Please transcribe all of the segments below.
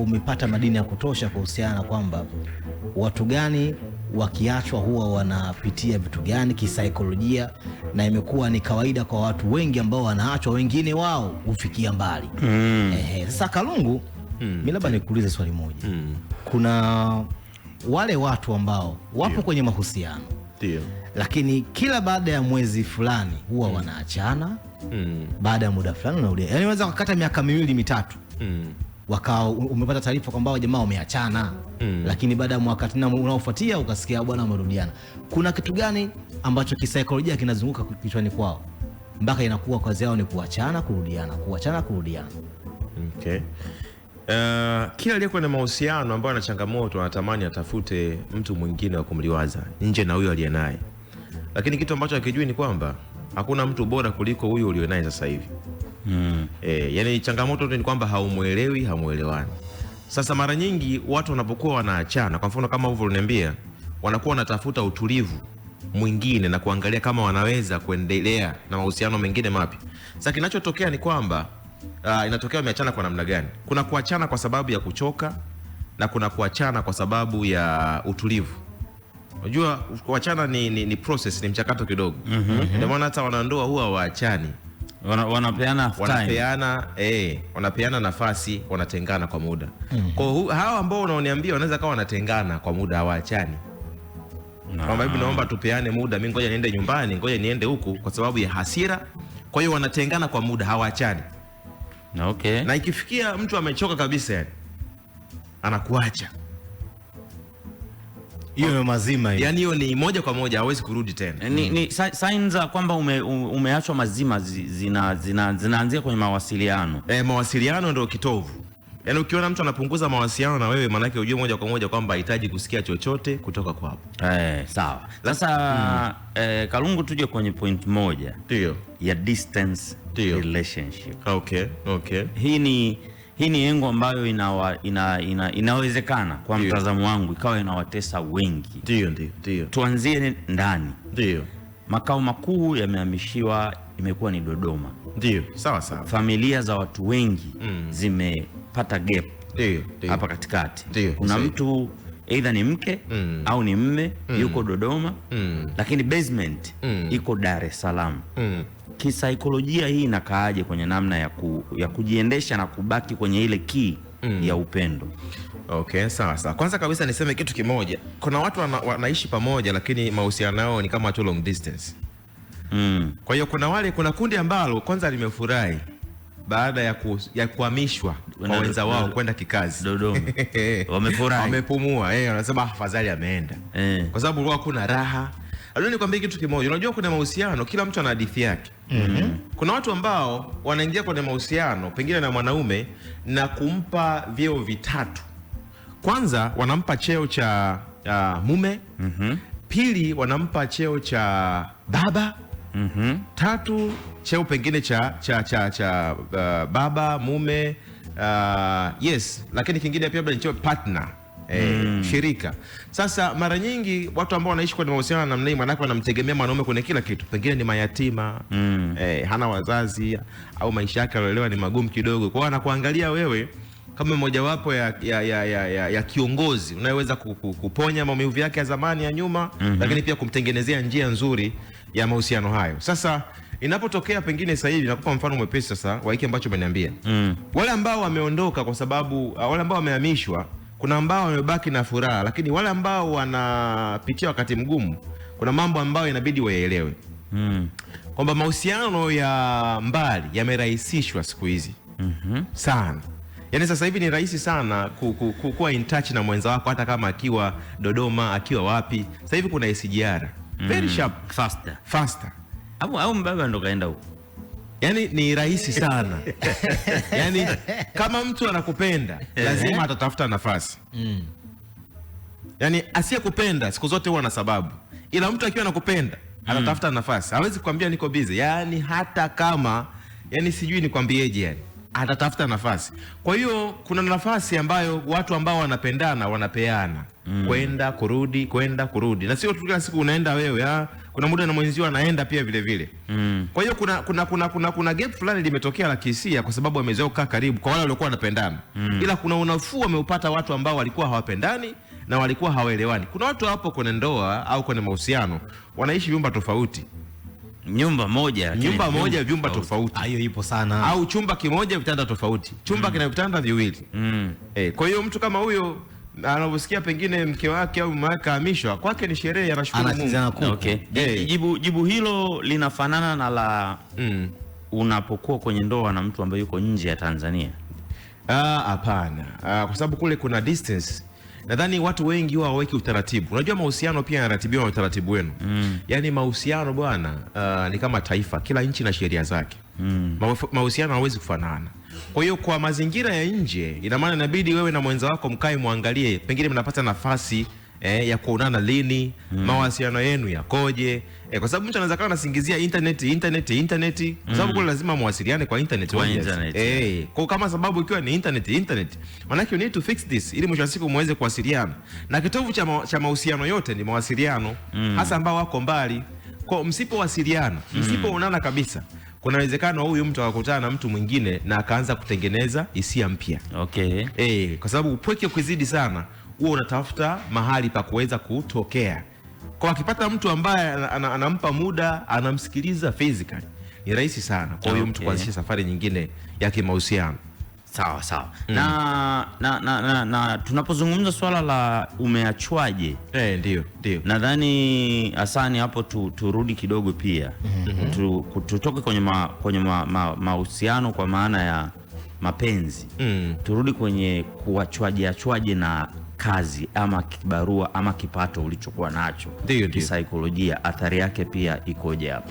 umepata madini ya kutosha kuhusiana na kwamba watu gani wakiachwa huwa wanapitia vitu gani kisaikolojia, na imekuwa ni kawaida kwa watu wengi ambao wanaachwa, wengine wao hufikia mbali. Mm. Ehe, sasa Kalungu, mm. mi labda nikuulize swali moja. Mm. Kuna wale watu ambao wapo Dio. kwenye mahusiano Dio. lakini kila baada ya mwezi fulani huwa mm. wanaachana mm. baada ya muda fulani, yaani unaweza kukata miaka miwili mitatu mm wakawa umepata taarifa kwamba jamaa wameachana mm. Lakini baada ya mwaka tena unaofuatia ukasikia ah, bwana wamerudiana. Kuna kitu gani ambacho kisaikolojia kinazunguka kichwani kwao mpaka inakuwa kazi yao ni kuachana, kurudiana, kuachana, kurudiana? Okay. Uh, kila aliyekuwa na mahusiano ambayo ana changamoto anatamani atafute mtu mwingine wa kumliwaza nje na huyo aliye naye, lakini kitu ambacho akijui ni kwamba hakuna mtu bora kuliko huyo ulionaye sasa hivi mm. E, yani changamoto ni kwamba haumwelewi, hamuelewani. Sasa mara nyingi watu wanapokuwa wanaachana, kwa mfano kama hivyo uliniambia, wanakuwa wanatafuta utulivu mwingine na kuangalia kama wanaweza kuendelea na mahusiano mengine mapya. Sasa kinachotokea ni kwamba uh, inatokea wameachana kwa namna gani? Kuna kuachana kwa sababu ya kuchoka na kuna kuachana kwa sababu ya utulivu. Unajua kuachana ni, ni, ni process, ni mchakato kidogo. Mhm. Ndio maana mm -hmm. hata wanandoa huwa waachani wana, wanapeana wanapeana eh, wanapeana nafasi, wanatengana kwa muda mm. Kwa hiyo ambao unaoniambia wanaweza kawa wanatengana kwa muda, hawaachani kwamba hebu naomba tupeane muda, mimi ngoja niende nyumbani, ngoja niende huku, kwa sababu ya hasira. Kwa hiyo wanatengana kwa muda, hawaachani na okay. Na ikifikia mtu amechoka kabisa, yani anakuacha hiyo ni mazima hiyo. Yaani hiyo ni moja kwa moja hawezi kurudi tena. Eh, ni, mm. ni signs za kwamba ume, umeachwa mazima zina, zina, zinaanzia kwenye mawasiliano. Eh, mawasiliano ndio kitovu. Yaani ukiona mtu anapunguza mawasiliano na wewe maanake ujue moja kwa moja kwamba hahitaji kusikia chochote kutoka kwako. Eh, sawa. Sasa mm. e, Kalungu tuje kwenye point moja. Ndio. Ya distance Tiyo. relationship. Okay, okay. Hii ni hii ni engo ambayo inawezekana ina, ina, ina kwa mtazamo wangu ikawa inawatesa wengi. Ndio, ndio, ndio. Tuanzie ndani. Ndio. Makao makuu yamehamishiwa, imekuwa ni Dodoma. Ndio. Sawa sawa. Familia za watu wengi mm. zimepata gap. Ndio, ndio. Hapa katikati. Ndio. Kuna mtu aidha ni mke mm. au ni mme mm. yuko Dodoma mm. lakini basement mm. iko Dar es Salaam mm. Kisaikolojia hii inakaaje kwenye namna ya, ku, ya kujiendesha na kubaki kwenye ile kii mm. ya upendo? Okay, sawa sawa. Kwanza kabisa niseme kitu kimoja, kuna watu wana, wanaishi pamoja lakini mahusiano yao ni kama tu long distance mm. Kwa hiyo kuna wale, kuna kundi ambalo kwanza limefurahi baada ya, ku, ya kuhamishwa kwa wenza wao kwenda kikazi Dodoma wamefurahi, wamepumua eh, wanasema ah, afadhali ameenda eh, kwa sababu kwa kuna raha. Alio nikwambia kitu kimoja, unajua kuna mahusiano, kila mtu ana hadithi yake mm -hmm. Kuna watu ambao wanaingia kwenye mahusiano pengine na mwanaume na kumpa vyeo vitatu. Kwanza wanampa cheo cha uh, mume mm -hmm. Pili wanampa cheo cha baba mm -hmm. Tatu, cheo pengine cha cha cha, cha uh, baba mume uh, yes, lakini kingine pia cheo partner eh, mm. shirika. Sasa mara nyingi watu ambao wanaishi kwenye mahusiano na namna wanamtegemea mwanaume kwenye kila kitu, pengine ni mayatima mm. eh, hana wazazi au maisha yake alielewa ni magumu kidogo, kwa hiyo anakuangalia wewe kama mojawapo ya, ya, ya, ya, ya, ya kiongozi unayeweza kuponya maumivu yake ya zamani ya nyuma mm -hmm. Lakini pia kumtengenezea njia nzuri ya mahusiano hayo. Sasa inapotokea pengine sasa hivi nakupa mfano mwepesi sasa wa hiki ambacho umeniambia. Mm. Wale ambao wameondoka kwa sababu ah, wale ambao wamehamishwa, kuna ambao wamebaki na furaha, lakini wale ambao wanapitia wakati mgumu, kuna mambo ambayo inabidi waelewe. Mm. Kwamba mahusiano ya mbali yamerahisishwa siku hizi. Mm -hmm. Sana. Yaani sasa hivi ni rahisi sana ku, ku, ku, kuwa in touch na mwenza wako hata kama akiwa Dodoma, akiwa wapi. Sasa hivi kuna SGR very mm. sharp, faster, faster. Au au mbaba ndo kaenda huko. yani ni rahisi sana. yani kama mtu anakupenda lazima atatafuta nafasi. Mm. Yaani asiyekupenda siku zote huwa na sababu, ila mtu akiwa anakupenda mm. anatafuta nafasi, hawezi kukwambia niko busy. yani hata kama, yani sijui nikwambieje yani atatafuta nafasi. Kwa hiyo kuna nafasi ambayo watu ambao wanapendana wanapeana mm. kwenda kurudi, kwenda kurudi, na sio tu kila siku unaenda wewe ah, kuna muda na mwenzio anaenda pia vile vile mm. kwa hiyo kuna kuna kuna kuna, kuna gap fulani limetokea la kihisia, kwa sababu wamezoea kukaa karibu kwa wale waliokuwa wanapendana mm. ila kuna unafuu wameupata watu ambao walikuwa hawapendani na walikuwa hawaelewani. Kuna watu hapo kwenye ndoa au kwenye mahusiano wanaishi vyumba tofauti nyumba moja, nyumba moja vyumba tofauti. Hiyo ipo sana, au chumba kimoja vitanda tofauti, chumba mm. kina vitanda viwili mm. eh, kwa hiyo mtu kama huyo anavyosikia pengine mke wake au mume wake ahamishwa kwake ni sherehe ya Mungu. Okay. Hey. Eh. Jibu, jibu hilo linafanana na la mm. unapokuwa kwenye ndoa na mtu ambaye yuko nje ya Tanzania. Ah, hapana, ah, ah, kwa sababu kule kuna distance nadhani watu wengi huwa waweki utaratibu. Unajua mahusiano pia yanaratibiwa na utaratibu wenu mm. Yaani mahusiano bwana, uh, ni kama taifa, kila nchi na sheria zake mm. Mahusiano hawezi kufanana. Kwa hiyo kwa mazingira ya nje, ina maana inabidi wewe na mwenza wako mkae, mwangalie, pengine mnapata nafasi eh, ya kuonana lini? mm. mawasiliano yenu yakoje? Eh, kwa sababu mtu anaweza kawa anasingizia internet internet internet kwa sababu hmm. kule lazima mwasiliane kwa internet kwa internet eh, kwa kama sababu ikiwa ni internet internet, maana you need to fix this ili mwisho wa siku muweze kuwasiliana, na kitovu cha ma, cha mahusiano yote ni mawasiliano mm. hasa ambao wako mbali, kwa msipowasiliana mm. msipoonana kabisa kuna uwezekano huyu mtu akakutana na mtu mwingine na akaanza kutengeneza hisia mpya. Okay. Eh, kwa sababu upweke ukizidi sana huwa unatafuta mahali pa kuweza kutokea. Kwa akipata mtu ambaye anampa muda, anamsikiliza physically, ni rahisi sana kwa hiyo okay, mtu kuanzisha safari nyingine ya kimahusiano. Sawa sawa. Mm. Na, na, na, na, na tunapozungumza swala la umeachwaje, eh, ndio ndio, nadhani Hasani hapo tu, turudi kidogo pia mm -hmm. tu, tutoke kwenye ma, kwenye mahusiano ma, ma kwa maana ya mapenzi mm. turudi kwenye kuachwaje achwaje na kazi ama kibarua ama kipato ulichokuwa nacho kisaikolojia, athari yake pia ikoje hapo?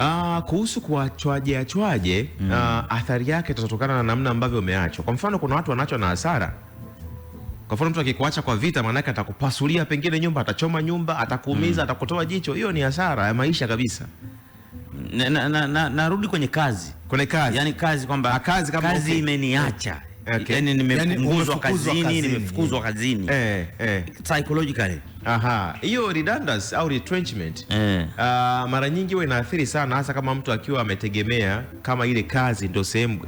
Uh, kuhusu kuachwaje achwaje, mm. uh, athari yake itatokana na namna ambavyo umeachwa. Kwa mfano, kuna watu wanaachwa na hasara. Kwa mfano, mtu akikuacha kwa vita, maana yake atakupasulia pengine nyumba, atachoma nyumba, atakuumiza, mm. atakutoa jicho. Hiyo ni hasara ya maisha kabisa. Narudi na, na, na, na kwenye kazi, kwenye kazi, yani kazi kwamba ah, kazi, kazi okay. imeniacha okay. Yani nimepunguzwa yaani kazini, nimefukuzwa kazini eh, eh. Psychologically aha, hiyo redundancy au retrenchment eh. Uh, mara nyingi huwa inaathiri sana, hasa kama mtu akiwa ametegemea kama ile kazi ndio sehemu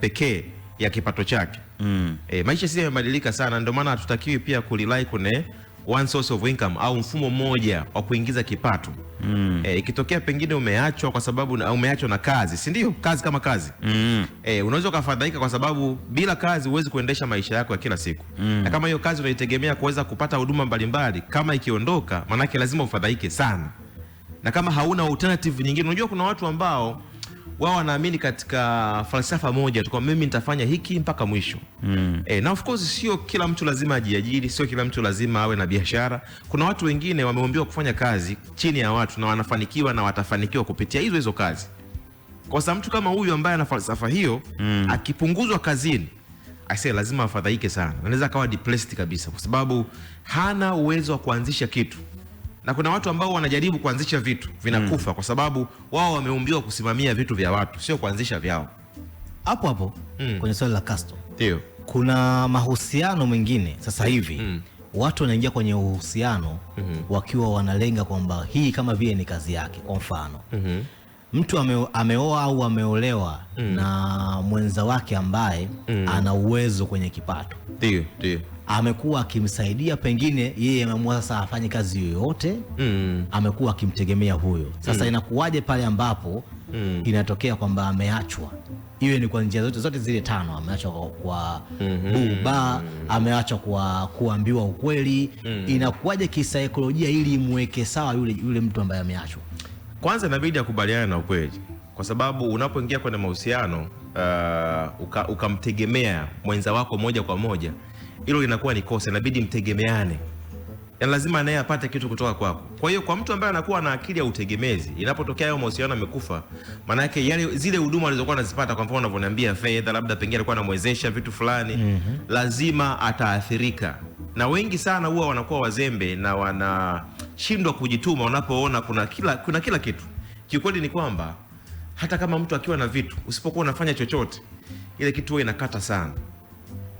pekee ya kipato chake mm. Eh, maisha sisi yamebadilika sana, ndio maana hatutakiwi pia kulilai kune one source of income au mfumo mmoja wa kuingiza kipato mm. eh, ikitokea pengine umeachwa kwa sababu na, umeachwa na kazi, si ndio? Kazi kama kazi mm. eh, unaweza ukafadhaika kwa sababu bila kazi huwezi kuendesha maisha yako ya kila siku mm. Na kama hiyo kazi unaitegemea kuweza kupata huduma mbalimbali, kama ikiondoka, maanake lazima ufadhaike sana, na kama hauna alternative nyingine. Unajua kuna watu ambao wao wanaamini katika falsafa moja tu, mimi nitafanya hiki mpaka mwisho mm. E, na of course sio kila mtu lazima ajiajiri, sio kila mtu lazima awe na biashara. Kuna watu wengine wameombiwa kufanya kazi chini ya watu na wanafanikiwa na watafanikiwa kupitia hizo hizo kazi. Kwa sababu mtu kama huyu ambaye ana falsafa hiyo mm. akipunguzwa kazini Aise, lazima afadhaike sana, anaweza akawa depressed kabisa, kwa sababu hana uwezo wa kuanzisha kitu na kuna watu ambao wanajaribu kuanzisha vitu vinakufa mm. kwa sababu wao wameumbiwa kusimamia vitu vya watu, sio kuanzisha vyao. Hapo hapo mm. kwenye swali la custom ndio kuna mahusiano mengine sasa mm. hivi mm. watu wanaingia kwenye uhusiano mm -hmm. wakiwa wanalenga kwamba hii kama vile ni kazi yake, kwa mfano mm -hmm mtu ame, ameoa au ameolewa mm. na mwenza wake ambaye mm. ana uwezo kwenye kipato, ndio ndio amekuwa akimsaidia, pengine yeye ameamua sasa afanye kazi yoyote mm. amekuwa akimtegemea huyo sasa mm. inakuwaje pale ambapo mm. inatokea kwamba ameachwa, iwe ni kwa njia zote zote zile tano, ameachwa kwa, kwa mm -hmm. buba, ameachwa kwa kuambiwa ukweli mm. inakuwaje kisaikolojia ili imweke sawa yule, yule mtu ambaye ameachwa? Kwanza inabidi akubaliane na ukweli, kwa sababu unapoingia kwenye mahusiano uh, ukamtegemea uka mwenza wako moja kwa moja, hilo linakuwa ni kosa. Inabidi mtegemeane, yaani lazima naye apate kitu kutoka kwako. Kwa hiyo kwa mtu ambaye anakuwa na akili ya utegemezi, inapotokea hayo mahusiano amekufa, maana yake yale yaani zile huduma alizokuwa anazipata, kwa mfano unavyoniambia fedha, labda pengine alikuwa anamwezesha vitu fulani mm -hmm. lazima ataathirika, na wengi sana huwa wanakuwa wazembe na wana wanashindwa kujituma wanapoona kuna kila, kuna kila kitu. Kiukweli ni kwamba hata kama mtu akiwa na vitu usipokuwa unafanya chochote ile kitu huwa inakata sana.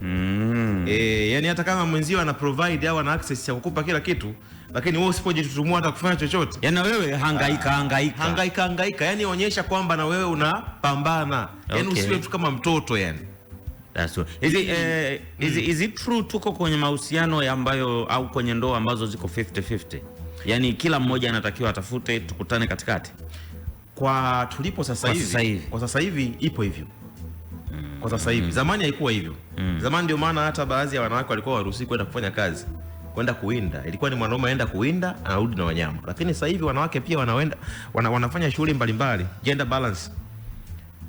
Mm. E, yani hata kama mwenzio ana provide au ana access ya kukupa kila kitu lakini wewe usipojitutumua hata kufanya chochote. Yaani na wewe hangaika ah, hangaika. Hangaika hangaika. Yaani onyesha kwamba na wewe unapambana. Yaani okay. Usiwe tu kama mtoto yani. That's what. Is it, uh, is, is it true tuko kwenye mahusiano ambayo au kwenye ndoa ambazo ziko 50-50? yani kila mmoja anatakiwa atafute, tukutane katikati. Kwa tulipo sasa hivi, kwa sasa hivi ipo hivyo mm. Kwa sasa hivi mm. Zamani haikuwa hivyo mm. Zamani ndio maana hata baadhi ya wanawake walikuwa waruhusi kwenda kufanya kazi, kwenda kuwinda, ilikuwa ni mwanaume aenda kuwinda anarudi na wanyama, lakini sasa hivi wanawake pia wanaenda wana, wanafanya shughuli mbalimbali, gender balance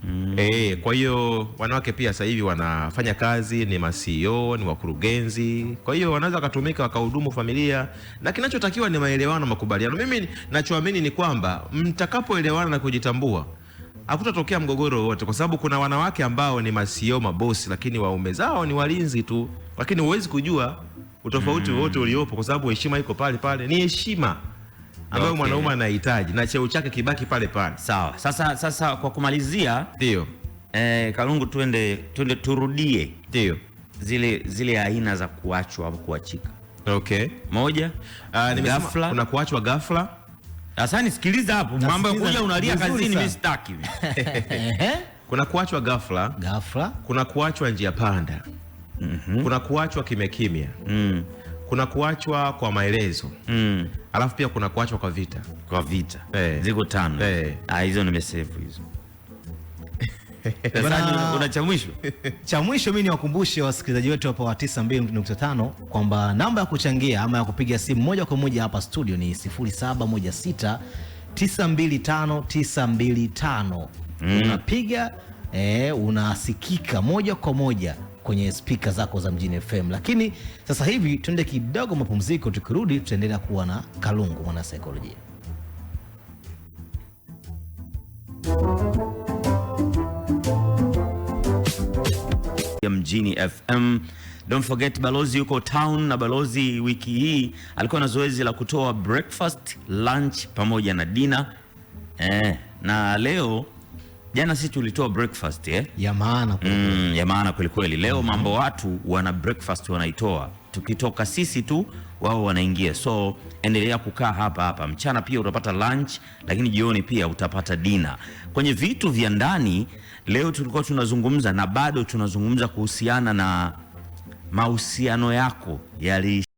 mm. E, kwa hiyo wanawake pia sasa hivi wanafanya kazi, ni masio e ni wakurugenzi, kwa hiyo wanaweza wakatumika wakahudumu familia, na kinachotakiwa ni maelewano makubaliano. Mimi nachoamini ni kwamba mtakapoelewana na kujitambua hakutatokea mgogoro wowote, kwa sababu kuna wanawake ambao ni masio e mabosi, lakini waume zao ni walinzi tu, lakini huwezi kujua utofauti mm. wowote mm. uliopo, kwa sababu heshima iko pale pale, ni heshima Ah, ambayo mwanaume anahitaji na cheo chake kibaki pale pale. Sawa. Sasa, sasa kwa kumalizia, ndio eh, Kalungu, tuende tuende turudie ndio zile zile aina za kuachwa au kuachika. Okay. Moja, uh, nimesema kuna kuachwa ghafla. Sasa nisikiliza hapo, mambo ya kuja unalia kazini mimi sitaki. Kuna kuachwa ghafla. Ghafla. Kuna kuachwa njia panda. Mm -hmm. Kuna kuachwa kimya kimya. Mm. Kuna kuachwa kwa maelezo. Mm alafu pia kuna kuachwa kwa vita kwa vita hey. Eh. Ziko tano eh. ah, hizo hey. Nimesevu hizo una cha mwisho cha mwisho, mimi niwakumbushe wasikilizaji wetu hapa wa 92.5 kwamba namba ya kuchangia ama ya kupiga simu moja kwa moja hapa studio ni 0716 925 925 mm. Unapiga eh, unasikika moja kwa moja kwenye spika zako za Mjini FM. Lakini sasa hivi tuende kidogo mapumziko, tukirudi tutaendelea kuwa na Kalungu mwanasaikolojia. Mjini FM. Don't forget balozi yuko town, na balozi wiki hii alikuwa na zoezi la kutoa breakfast, lunch pamoja na dinner eh, na leo Jana sisi tulitoa breakfast eh? ya maana kweli mm, ya maana kweli kweli. Leo mm -hmm. Mambo watu wana breakfast wanaitoa, tukitoka sisi tu wao wanaingia. So endelea kukaa hapa hapa, mchana pia utapata lunch, lakini jioni pia utapata dina. Kwenye vitu vya ndani leo tulikuwa tunazungumza na bado tunazungumza kuhusiana na mahusiano yako yali